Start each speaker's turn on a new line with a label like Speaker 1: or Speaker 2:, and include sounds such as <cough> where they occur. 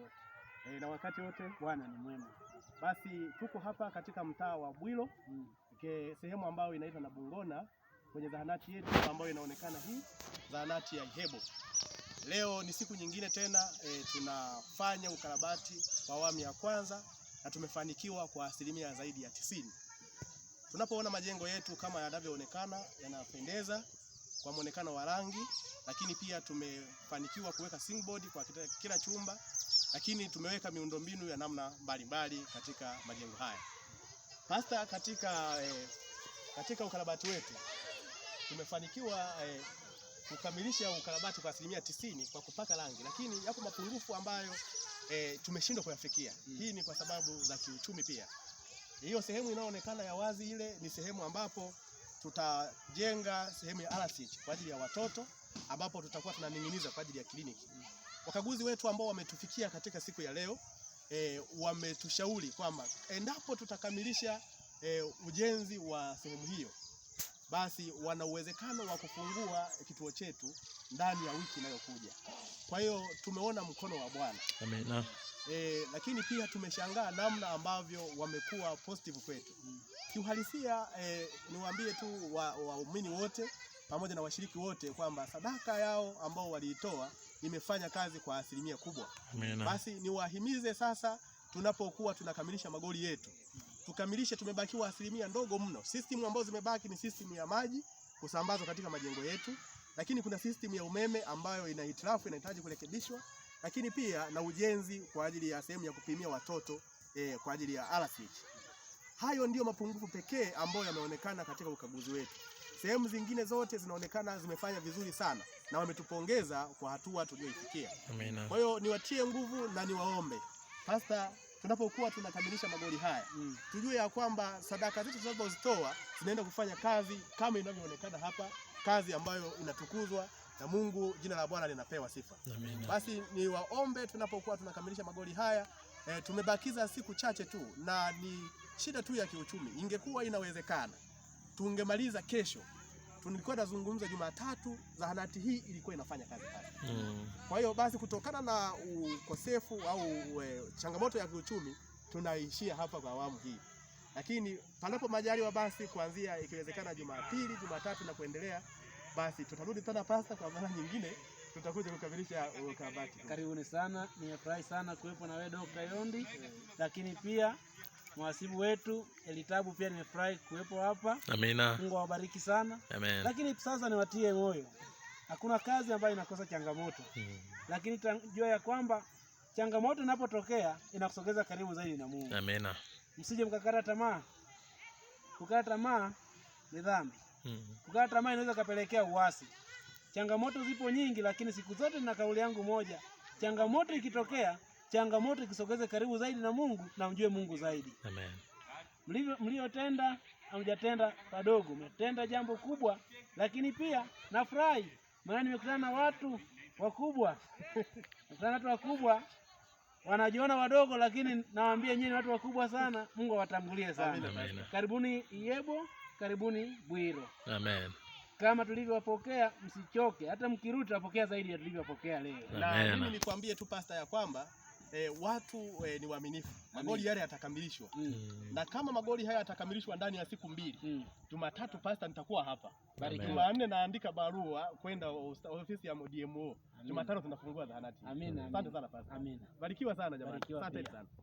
Speaker 1: wote
Speaker 2: e, na wakati wote Bwana ni mwema. Basi tuko hapa katika mtaa wa Bwilo mm. sehemu ambayo inaitwa Nabungona kwenye zahanati yetu ambayo inaonekana hii zahanati ya Ihebo. Leo ni siku nyingine tena e, tunafanya ukarabati wa awamu ya kwanza na tumefanikiwa kwa asilimia zaidi ya tisini. Tunapoona majengo yetu kama yanavyoonekana yanapendeza kwa mwonekano wa rangi, lakini pia tumefanikiwa kuweka singboard kwa kila chumba lakini tumeweka miundombinu ya namna mbalimbali katika majengo haya. Hasa katika eh, katika ukarabati wetu tumefanikiwa eh, kukamilisha ukarabati kwa asilimia tisini kwa kupaka rangi, lakini yapo mapungufu ambayo eh, tumeshindwa kuyafikia mm. Hii ni kwa sababu za kiuchumi pia. Hiyo sehemu inayoonekana ya wazi ile ni sehemu ambapo tutajenga sehemu ya RCH kwa ajili ya watoto ambapo tutakuwa tunaning'iniza kwa ajili ya kliniki mm. Wakaguzi wetu ambao wametufikia katika siku ya leo e, wametushauri kwamba endapo tutakamilisha e, ujenzi wa sehemu hiyo, basi wana uwezekano wa kufungua kituo chetu ndani ya wiki inayokuja. Kwa hiyo tumeona mkono wa Bwana. Amina. E, lakini pia tumeshangaa namna ambavyo wamekuwa positive kwetu. Kiuhalisia e, niwaambie tu waumini wa wote pamoja na washiriki wote kwamba sadaka yao ambao waliitoa imefanya kazi kwa asilimia kubwa. Amina. Basi niwahimize sasa, tunapokuwa tunakamilisha magoli yetu tukamilishe, tumebakiwa asilimia ndogo mno. System ambazo zimebaki ni system ya maji kusambazwa katika majengo yetu, lakini kuna system ya umeme ambayo ina hitilafu inahitaji kurekebishwa, lakini pia na ujenzi kwa ajili ya sehemu ya kupimia watoto eh, kwa ajili ya RCH. Hayo ndiyo mapungufu pekee ambayo yameonekana katika ukaguzi wetu. Sehemu zingine zote zinaonekana zimefanya vizuri sana na wametupongeza kwa hatua tuliyoifikia. Amina. Kwa hiyo niwatie nguvu na niwaombe hasa tunapokuwa tunakamilisha magoli haya mm, tujue ya kwamba sadaka zetu tunazozitoa zinaenda kufanya kazi kama inavyoonekana hapa, kazi ambayo inatukuzwa na Mungu. Jina la Bwana linapewa sifa. Amina. Basi niwaombe tunapokuwa tunakamilisha magoli haya e, tumebakiza siku chache tu na ni shida tu ya kiuchumi, ingekuwa inawezekana tungemaliza kesho. Tulikuwa tunazungumza Jumatatu, zahanati hii ilikuwa inafanya kazi kazi mm. Kwa hiyo basi kutokana na ukosefu au e, changamoto ya kiuchumi tunaishia hapa kwa awamu hii, lakini panapo majaliwa, basi kuanzia ikiwezekana Jumapili, Jumatatu na kuendelea, basi tutarudi tena pasta kwa mara nyingine tutakuja kukamilisha ukarabati.
Speaker 3: Karibuni sana, nimefurahi sana kuwepo na wewe Dr. Yondi, lakini pia Mwasibu wetu Elitabu pia nimefurahi kuwepo hapa. Amina. Mungu awabariki sana. Amen. Lakini sasa niwatie moyo, hakuna kazi ambayo inakosa changamoto hmm. Lakini jua ya kwamba changamoto inapotokea inakusogeza karibu zaidi na Mungu. Amina. Msije mkakata tamaa. Kukata tamaa ni dhambi hmm. Kukata tamaa inaweza kapelekea uasi. Changamoto zipo nyingi, lakini siku zote na kauli yangu moja, changamoto ikitokea changamoto ikisogeze karibu zaidi na Mungu na mjue Mungu zaidi. Amen. Mlivyo mliotenda hamjatenda padogo, umetenda jambo kubwa, lakini pia nafurahi maana nimekutana na watu wakubwa <laughs> na watu wakubwa wanajiona wadogo, lakini nawaambia nyinyi watu wakubwa sana, Mungu awatangulie sana. Amen. Karibuni Yebo, karibuni Bwiro. Amen. Kama tulivyowapokea msichoke, hata mkirudi tutapokea zaidi ya tulivyowapokea leo.
Speaker 2: Na mimi nikwambie tu pasta ya kwamba e, watu e, ni waaminifu, magoli yale yatakamilishwa mm. na kama magoli haya yatakamilishwa ndani ya siku mbili mm. Jumatatu pasta nitakuwa hapa, Jumanne naandika barua kwenda ofisi ya DMO, Jumatano tunafungua zahanati.
Speaker 4: Asante
Speaker 2: sana pasta, barikiwa sana jamani,
Speaker 4: asante sana.